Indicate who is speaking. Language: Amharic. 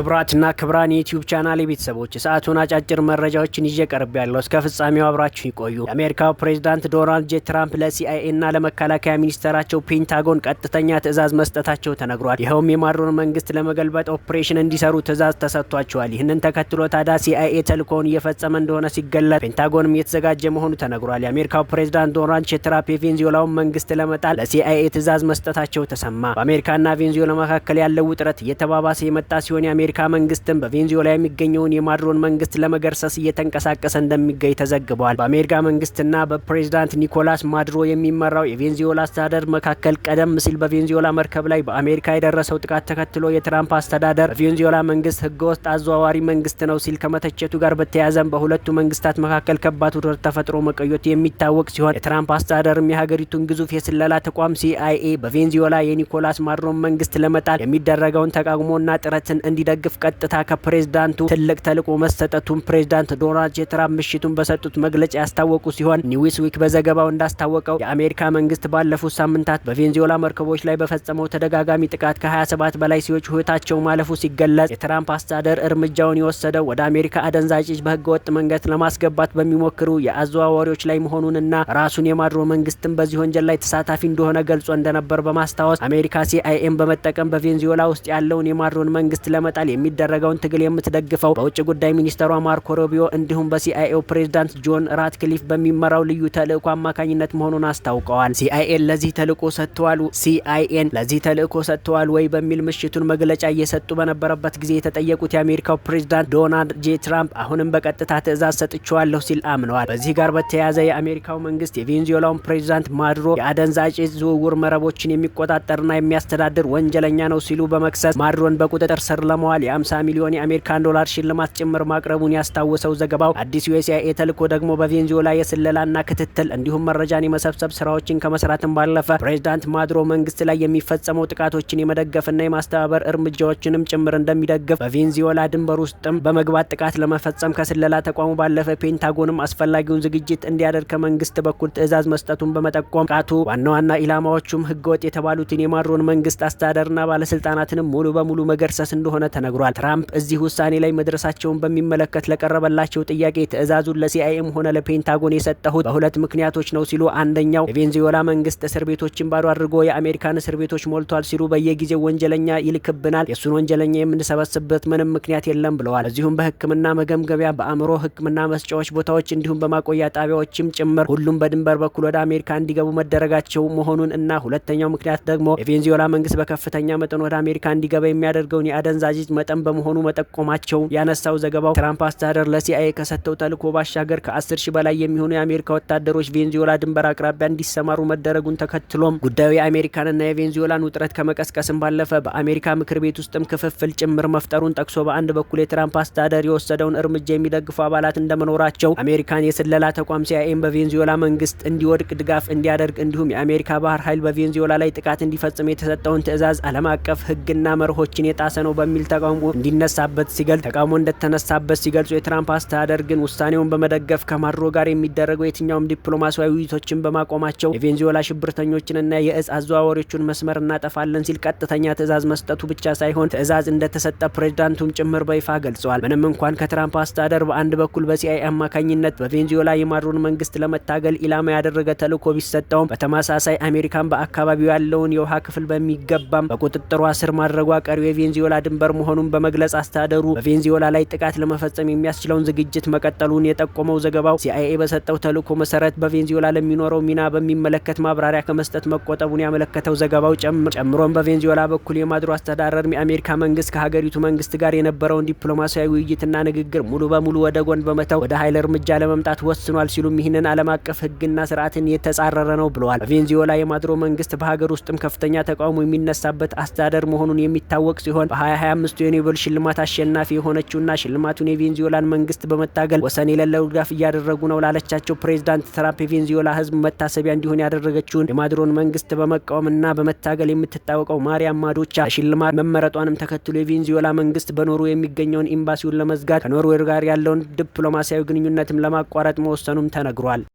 Speaker 1: ክብራትና ክብራን የዩቲዩብ ቻናል ቤተሰቦች የሰዓቱን አጫጭር መረጃዎችን ይዤ ቀርብ ያለው እስከ ፍጻሜው አብራችሁ ይቆዩ። የአሜሪካው ፕሬዚዳንት ዶናልድ ጄ ትራምፕ ለሲአይኤና ለመከላከያ ሚኒስተራቸው ፔንታጎን ቀጥተኛ ትዕዛዝ መስጠታቸው ተነግሯል። ይኸውም የማድሮን መንግስት ለመገልበጥ ኦፕሬሽን እንዲሰሩ ትዕዛዝ ተሰጥቷቸዋል። ይህንን ተከትሎ ታዲያ ሲአይኤ ተልእኮውን እየፈጸመ እንደሆነ ሲገለጥ፣ ፔንታጎንም እየተዘጋጀ መሆኑ ተነግሯል። የአሜሪካው ፕሬዚዳንት ዶናልድ ጄ ትራምፕ የቬንዙዌላውን መንግስት ለመጣል ለሲአይኤ ትዕዛዝ መስጠታቸው ተሰማ። በአሜሪካና ቬንዙዌላ መካከል ያለው ውጥረት እየተባባሰ የመጣ ሲሆን የአሜሪካ መንግስትም በቬንዙዌላ የሚገኘውን የማድሮን መንግስት ለመገርሰስ እየተንቀሳቀሰ እንደሚገኝ ተዘግቧል። በአሜሪካ መንግስትና በፕሬዚዳንት ኒኮላስ ማድሮ የሚመራው የቬንዙዌላ አስተዳደር መካከል ቀደም ሲል በቬንዙዌላ መርከብ ላይ በአሜሪካ የደረሰው ጥቃት ተከትሎ የትራምፕ አስተዳደር በቬንዙዌላ መንግስት ህገ ህገወጥ አዘዋዋሪ መንግስት ነው ሲል ከመተቸቱ ጋር በተያያዘም በሁለቱ መንግስታት መካከል ከባድ ውጥረት ተፈጥሮ መቆየቱ የሚታወቅ ሲሆን የትራምፕ አስተዳደርም የሀገሪቱን ግዙፍ የስለላ ተቋም ሲአይኤ በቬንዙዌላ የኒኮላስ ማድሮን መንግስት ለመጣል የሚደረገውን ተቃውሞና ጥረትን እንዲደግ እንዲደግፍ ቀጥታ ከፕሬዝዳንቱ ትልቅ ተልዕኮ መሰጠቱን ፕሬዝዳንት ዶናልድ ጄ ትራምፕ ምሽቱን በሰጡት መግለጫ ያስታወቁ ሲሆን ኒውስ ዊክ በዘገባው እንዳስታወቀው የአሜሪካ መንግስት ባለፉት ሳምንታት በቬንዙዌላ መርከቦች ላይ በፈጸመው ተደጋጋሚ ጥቃት ከ27 በላይ ሰዎች ህይወታቸው ማለፉ ሲገለጽ የትራምፕ አስተዳደር እርምጃውን የወሰደው ወደ አሜሪካ አደንዛዥ እጽ በህገወጥ መንገድ ለማስገባት በሚሞክሩ የአዘዋዋሪዎች ላይ መሆኑንና ራሱን የማድሮ መንግስትም በዚህ ወንጀል ላይ ተሳታፊ እንደሆነ ገልጾ እንደነበር በማስታወስ አሜሪካ ሲአይኤም በመጠቀም በቬንዙዌላ ውስጥ ያለውን የማድሮን መንግስት ለመጣ ለመጣል የሚደረገውን ትግል የምትደግፈው በውጭ ጉዳይ ሚኒስትሯ ማርኮ ሮቢዮ እንዲሁም በሲአይኤው ፕሬዚዳንት ጆን ራትክሊፍ በሚመራው ልዩ ተልእኮ አማካኝነት መሆኑን አስታውቀዋል። ሲአይኤን ለዚህ ተልእኮ ሰጥተዋል ሲአይኤን ለዚህ ተልእኮ ሰጥተዋል ወይ በሚል ምሽቱን መግለጫ እየሰጡ በነበረበት ጊዜ የተጠየቁት የአሜሪካው ፕሬዚዳንት ዶናልድ ጄ ትራምፕ አሁንም በቀጥታ ትዕዛዝ ሰጥቸዋለሁ ሲል አምነዋል። በዚህ ጋር በተያያዘ የአሜሪካው መንግስት የቬንዙዌላውን ፕሬዚዳንት ማዱሮ የአደንዛዥ ዝውውር መረቦችን የሚቆጣጠርና የሚያስተዳድር ወንጀለኛ ነው ሲሉ በመክሰስ ማድሮን በቁጥጥር ስር ለመዋል ፈጽመዋል። የ50 ሚሊዮን የአሜሪካን ዶላር ሽልማት ጭምር ማቅረቡን ያስታወሰው ዘገባው አዲስ ዩኤስኤ ተልዕኮ ደግሞ በቬንዙዌላ የስለላና ክትትል እንዲሁም መረጃን የመሰብሰብ ስራዎችን ከመስራትን ባለፈ ፕሬዚዳንት ማድሮ መንግስት ላይ የሚፈጸመው ጥቃቶችን የመደገፍና የማስተባበር እርምጃዎችንም ጭምር እንደሚደግፍ በቬንዙዌላ ድንበር ውስጥም በመግባት ጥቃት ለመፈጸም ከስለላ ተቋሙ ባለፈ ፔንታጎንም አስፈላጊውን ዝግጅት እንዲያደርግ ከመንግስት በኩል ትዕዛዝ መስጠቱን በመጠቆም ጥቃቱ ዋና ዋና ኢላማዎቹም ህገወጥ የተባሉትን የማድሮን መንግስት አስተዳደርና ባለስልጣናትንም ሙሉ በሙሉ መገርሰስ እንደሆነ ተነግሯል። ትራምፕ እዚህ ውሳኔ ላይ መድረሳቸውን በሚመለከት ለቀረበላቸው ጥያቄ ትዕዛዙን ለሲአይኤም ሆነ ለፔንታጎን የሰጠሁት በሁለት ምክንያቶች ነው ሲሉ አንደኛው የቬንዙዌላ መንግስት እስር ቤቶችን ባዶ አድርጎ የአሜሪካን እስር ቤቶች ሞልቷል ሲሉ በየጊዜው ወንጀለኛ ይልክብናል፣ የእሱን ወንጀለኛ የምንሰበስብበት ምንም ምክንያት የለም ብለዋል። እዚሁም በህክምና መገምገቢያ፣ በአእምሮ ህክምና መስጫዎች ቦታዎች እንዲሁም በማቆያ ጣቢያዎችም ጭምር ሁሉም በድንበር በኩል ወደ አሜሪካ እንዲገቡ መደረጋቸው መሆኑን እና ሁለተኛው ምክንያት ደግሞ የቬንዙዌላ መንግስት በከፍተኛ መጠን ወደ አሜሪካ እንዲገባ የሚያደርገውን የአደንዛዥ መጠን በመሆኑ መጠቆማቸው ያነሳው ዘገባው ትራምፕ አስተዳደር ለሲአይኤ ከሰጠው ተልዕኮ ባሻገር ከ10 ሺህ በላይ የሚሆኑ የአሜሪካ ወታደሮች ቬንዙዌላ ድንበር አቅራቢያ እንዲሰማሩ መደረጉን ተከትሎም ጉዳዩ የአሜሪካንና የቬንዙዌላን ውጥረት ከመቀስቀስም ባለፈ በአሜሪካ ምክር ቤት ውስጥም ክፍፍል ጭምር መፍጠሩን ጠቅሶ በአንድ በኩል የትራምፕ አስተዳደር የወሰደውን እርምጃ የሚደግፉ አባላት እንደመኖራቸው አሜሪካን የስለላ ተቋም ሲአይኤን በቬንዙዌላ መንግስት እንዲወድቅ ድጋፍ እንዲያደርግ እንዲሁም የአሜሪካ ባህር ኃይል በቬንዙዌላ ላይ ጥቃት እንዲፈጽም የተሰጠውን ትዕዛዝ ዓለም አቀፍ ሕግና መርሆችን የጣሰ ነው በሚል ተቃውሞ እንዲነሳበት ሲገልጽ ተቃውሞ እንደተነሳበት ሲገልጹ የትራምፕ አስተዳደር ግን ውሳኔውን በመደገፍ ከማድሮ ጋር የሚደረገው የትኛውም ዲፕሎማሲያዊ ውይይቶችን በማቆማቸው የቬንዙዌላ ሽብርተኞችንና የእጽ አዘዋዋሪዎቹን መስመር እናጠፋለን ሲል ቀጥተኛ ትዕዛዝ መስጠቱ ብቻ ሳይሆን ትዕዛዝ እንደተሰጠ ፕሬዚዳንቱም ጭምር በይፋ ገልጸዋል። ምንም እንኳን ከትራምፕ አስተዳደር በአንድ በኩል በሲአይ አማካኝነት በቬንዙዌላ የማድሮን መንግስት ለመታገል ኢላማ ያደረገ ተልዕኮ ቢሰጠውም በተመሳሳይ አሜሪካን በአካባቢው ያለውን የውሃ ክፍል በሚገባም በቁጥጥሯ ስር ማድረጓ ቀሪው የቬንዙዌላ ድንበር መሆን መሆኑን በመግለጽ አስተዳደሩ በቬንዚዮላ ላይ ጥቃት ለመፈጸም የሚያስችለውን ዝግጅት መቀጠሉን የጠቆመው ዘገባው ሲአይኤ በሰጠው ተልዕኮ መሰረት በቬንዚዮላ ለሚኖረው ሚና በሚመለከት ማብራሪያ ከመስጠት መቆጠቡን ያመለከተው ዘገባው ጨምሮም በቬንዚዮላ በኩል የማድሮ አስተዳደር የአሜሪካ መንግስት ከሀገሪቱ መንግስት ጋር የነበረውን ዲፕሎማሲያዊ ውይይትና ንግግር ሙሉ በሙሉ ወደ ጎን በመተው ወደ ኃይል እርምጃ ለመምጣት ወስኗል ሲሉም ይህንን ዓለም አቀፍ ህግና ስርዓትን የተጻረረ ነው ብለዋል። በቬንዚዮላ የማድሮ መንግስት በሀገር ውስጥም ከፍተኛ ተቃውሞ የሚነሳበት አስተዳደር መሆኑን የሚታወቅ ሲሆን በ2025 የሶስቱ የኖቤል ሽልማት አሸናፊ የሆነችውና ሽልማቱን የቬንዙዌላን መንግስት በመታገል ወሰን የሌለው ድጋፍ እያደረጉ ነው ላለቻቸው ፕሬዚዳንት ትራምፕ የቬንዙዌላ ህዝብ መታሰቢያ እንዲሆን ያደረገችውን የማድሮን መንግስት በመቃወምና በመታገል የምትታወቀው ማርያም ማዶቻ ሽልማት መመረጧንም ተከትሎ የቬንዙዌላ መንግስት በኖሩ የሚገኘውን ኤምባሲውን ለመዝጋት ከኖርዌር ጋር ያለውን ዲፕሎማሲያዊ ግንኙነትም ለማቋረጥ መወሰኑም ተነግሯል።